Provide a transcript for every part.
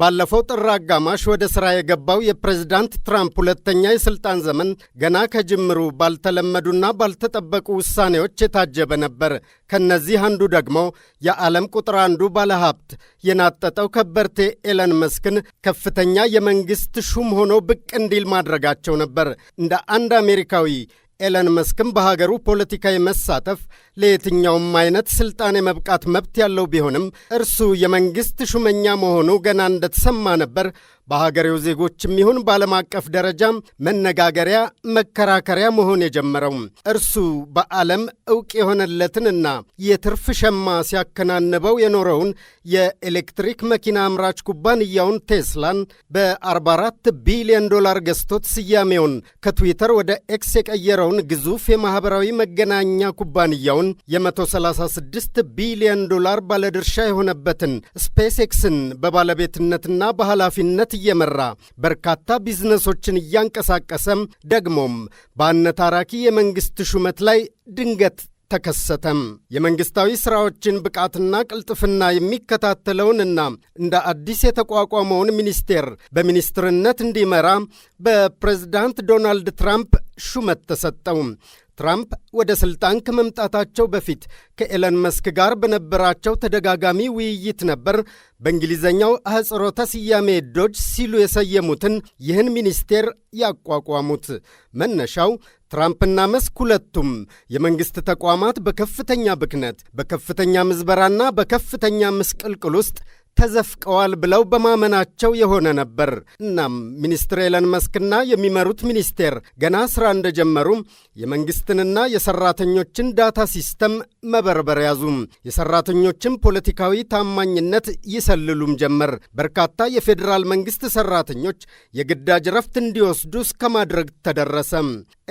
ባለፈው ጥር አጋማሽ ወደ ሥራ የገባው የፕሬዝዳንት ትራምፕ ሁለተኛ የሥልጣን ዘመን ገና ከጅምሩ ባልተለመዱና ባልተጠበቁ ውሳኔዎች የታጀበ ነበር። ከእነዚህ አንዱ ደግሞ የዓለም ቁጥር አንዱ ባለሀብት የናጠጠው ከበርቴ ኤለን መስክን ከፍተኛ የመንግሥት ሹም ሆኖ ብቅ እንዲል ማድረጋቸው ነበር። እንደ አንድ አሜሪካዊ ኤለን መስክም በሀገሩ ፖለቲካ የመሳተፍ ለየትኛውም አይነት ስልጣን የመብቃት መብት ያለው ቢሆንም እርሱ የመንግሥት ሹመኛ መሆኑ ገና እንደተሰማ ነበር በሀገሬው ዜጎችም ይሁን በዓለም አቀፍ ደረጃ መነጋገሪያ፣ መከራከሪያ መሆን የጀመረው። እርሱ በዓለም እውቅ የሆነለትንና የትርፍ ሸማ ሲያከናንበው የኖረውን የኤሌክትሪክ መኪና አምራች ኩባንያውን ቴስላን በ44 ቢሊዮን ዶላር ገዝቶት ስያሜውን ከትዊተር ወደ ኤክስ የቀየረውን ግዙፍ የማኅበራዊ መገናኛ ኩባንያውን ሲሆን የ136 ቢሊዮን ዶላር ባለድርሻ የሆነበትን ስፔስ ኤክስን በባለቤትነትና በኃላፊነት እየመራ በርካታ ቢዝነሶችን እያንቀሳቀሰም ደግሞም በአነታራኪ የመንግሥት ሹመት ላይ ድንገት ተከሰተም። የመንግስታዊ ስራዎችን ብቃትና ቅልጥፍና የሚከታተለውንና እንደ አዲስ የተቋቋመውን ሚኒስቴር በሚኒስትርነት እንዲመራ በፕሬዝዳንት ዶናልድ ትራምፕ ሹመት ተሰጠው። ትራምፕ ወደ ሥልጣን ከመምጣታቸው በፊት ከኤለን መስክ ጋር በነበራቸው ተደጋጋሚ ውይይት ነበር በእንግሊዘኛው አህጽሮተ ስያሜ ዶጅ ሲሉ የሰየሙትን ይህን ሚኒስቴር ያቋቋሙት። መነሻው ትራምፕና መስክ ሁለቱም የመንግሥት ተቋማት በከፍተኛ ብክነት፣ በከፍተኛ ምዝበራና በከፍተኛ ምስቅልቅል ውስጥ ተዘፍቀዋል ብለው በማመናቸው የሆነ ነበር። እናም ሚኒስትር ኤለን መስክና የሚመሩት ሚኒስቴር ገና ስራ እንደጀመሩም የመንግስትንና የሰራተኞችን ዳታ ሲስተም መበርበር ያዙም የሰራተኞችን ፖለቲካዊ ታማኝነት ይሰልሉም ጀመር። በርካታ የፌዴራል መንግስት ሰራተኞች የግዳጅ ረፍት እንዲወስዱ እስከ ማድረግ ተደረሰ።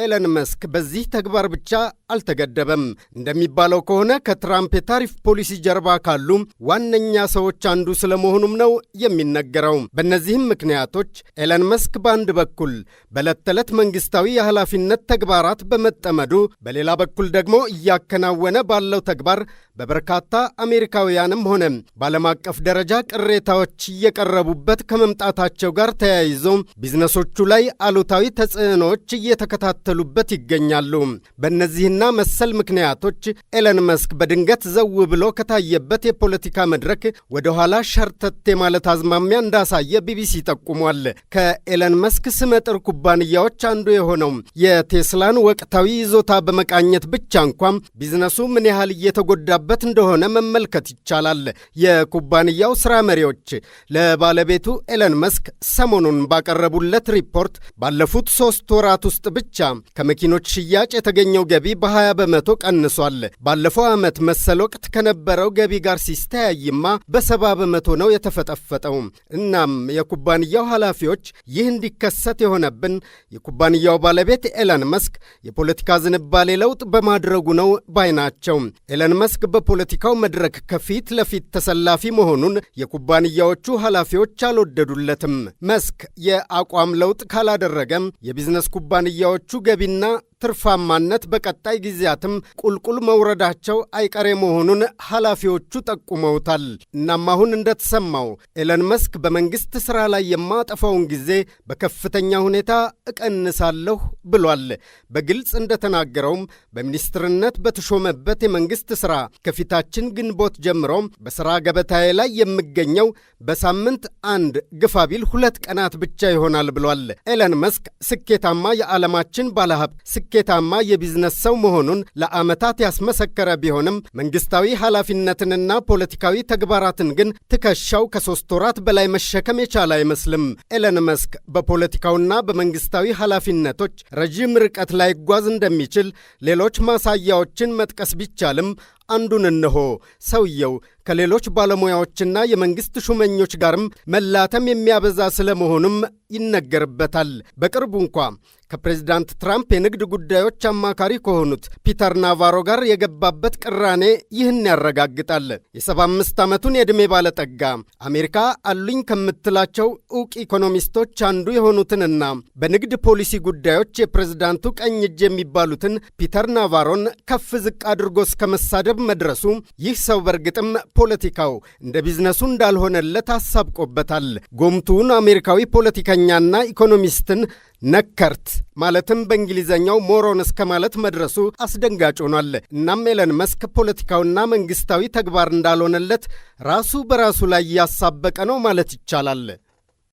ኤለን መስክ በዚህ ተግባር ብቻ አልተገደበም። እንደሚባለው ከሆነ ከትራምፕ የታሪፍ ፖሊሲ ጀርባ ካሉ ዋነኛ ሰዎች አንዱ ስለመሆኑም ነው የሚነገረው። በእነዚህም ምክንያቶች ኤለን መስክ በአንድ በኩል በዕለት ተዕለት መንግስታዊ የኃላፊነት ተግባራት በመጠመዱ፣ በሌላ በኩል ደግሞ እያከናወነ ባለው ተግባር በበርካታ አሜሪካውያንም ሆነ በዓለም አቀፍ ደረጃ ቅሬታዎች እየቀረቡበት ከመምጣታቸው ጋር ተያይዞ ቢዝነሶቹ ላይ አሉታዊ ተጽዕኖዎች እየተከታተሉ እየተከተሉበት ይገኛሉ። በእነዚህና መሰል ምክንያቶች ኤለን መስክ በድንገት ዘው ብሎ ከታየበት የፖለቲካ መድረክ ወደ ኋላ ሸርተቴ ማለት አዝማሚያ እንዳሳየ ቢቢሲ ጠቁሟል። ከኤለን መስክ ስመጥር ኩባንያዎች አንዱ የሆነው የቴስላን ወቅታዊ ይዞታ በመቃኘት ብቻ እንኳም ቢዝነሱ ምን ያህል እየተጎዳበት እንደሆነ መመልከት ይቻላል። የኩባንያው ስራ መሪዎች ለባለቤቱ ኤለን መስክ ሰሞኑን ባቀረቡለት ሪፖርት ባለፉት ሶስት ወራት ውስጥ ብቻ ከመኪኖች ሽያጭ የተገኘው ገቢ በ20 በመቶ ቀንሷል። ባለፈው ዓመት መሰል ወቅት ከነበረው ገቢ ጋር ሲስተያይማ በሰባ በመቶ ነው የተፈጠፈጠው። እናም የኩባንያው ኃላፊዎች ይህ እንዲከሰት የሆነብን የኩባንያው ባለቤት ኤለን መስክ የፖለቲካ ዝንባሌ ለውጥ በማድረጉ ነው ባይ ናቸው። ኤለን መስክ በፖለቲካው መድረክ ከፊት ለፊት ተሰላፊ መሆኑን የኩባንያዎቹ ኃላፊዎች አልወደዱለትም። መስክ የአቋም ለውጥ ካላደረገም የቢዝነስ ኩባንያዎቹ ገቢና ትርፋማነት በቀጣይ ጊዜያትም ቁልቁል መውረዳቸው አይቀሬ መሆኑን ኃላፊዎቹ ጠቁመውታል። እናም አሁን እንደተሰማው ኤለን መስክ በመንግሥት ሥራ ላይ የማጠፋውን ጊዜ በከፍተኛ ሁኔታ እቀንሳለሁ ብሏል። በግልጽ እንደተናገረውም በሚኒስትርነት በተሾመበት የመንግሥት ሥራ ከፊታችን ግንቦት ጀምሮም በሥራ ገበታዬ ላይ የምገኘው በሳምንት አንድ ግፋቢል ሁለት ቀናት ብቻ ይሆናል ብሏል። ኤለን መስክ ስኬታማ የዓለማችን ባለሀብት ስኬታማ የቢዝነስ ሰው መሆኑን ለዓመታት ያስመሰከረ ቢሆንም መንግስታዊ ኃላፊነትንና ፖለቲካዊ ተግባራትን ግን ትከሻው ከሶስት ወራት በላይ መሸከም የቻለ አይመስልም። ኤለን መስክ በፖለቲካውና በመንግስታዊ ኃላፊነቶች ረዥም ርቀት ላይጓዝ እንደሚችል ሌሎች ማሳያዎችን መጥቀስ ቢቻልም አንዱን እነሆ። ሰውየው ከሌሎች ባለሙያዎችና የመንግሥት ሹመኞች ጋርም መላተም የሚያበዛ ስለመሆኑም ይነገርበታል። በቅርቡ እንኳ ከፕሬዚዳንት ትራምፕ የንግድ ጉዳዮች አማካሪ ከሆኑት ፒተር ናቫሮ ጋር የገባበት ቅራኔ ይህን ያረጋግጣል። የ75 ዓመቱን የዕድሜ ባለጠጋ አሜሪካ አሉኝ ከምትላቸው ዕውቅ ኢኮኖሚስቶች አንዱ የሆኑትንና በንግድ ፖሊሲ ጉዳዮች የፕሬዝዳንቱ ቀኝ እጅ የሚባሉትን ፒተር ናቫሮን ከፍ ዝቅ አድርጎ እስከ መሳደብ ቅርብ መድረሱ ይህ ሰው በእርግጥም ፖለቲካው እንደ ቢዝነሱ እንዳልሆነለት አሳብቆበታል። ጎምቱን አሜሪካዊ ፖለቲከኛና ኢኮኖሚስትን ነከርት ማለትም በእንግሊዘኛው ሞሮን እስከ ማለት መድረሱ አስደንጋጭ ሆኗል። እናም ኤለን መስክ ፖለቲካውና መንግስታዊ ተግባር እንዳልሆነለት ራሱ በራሱ ላይ እያሳበቀ ነው ማለት ይቻላል።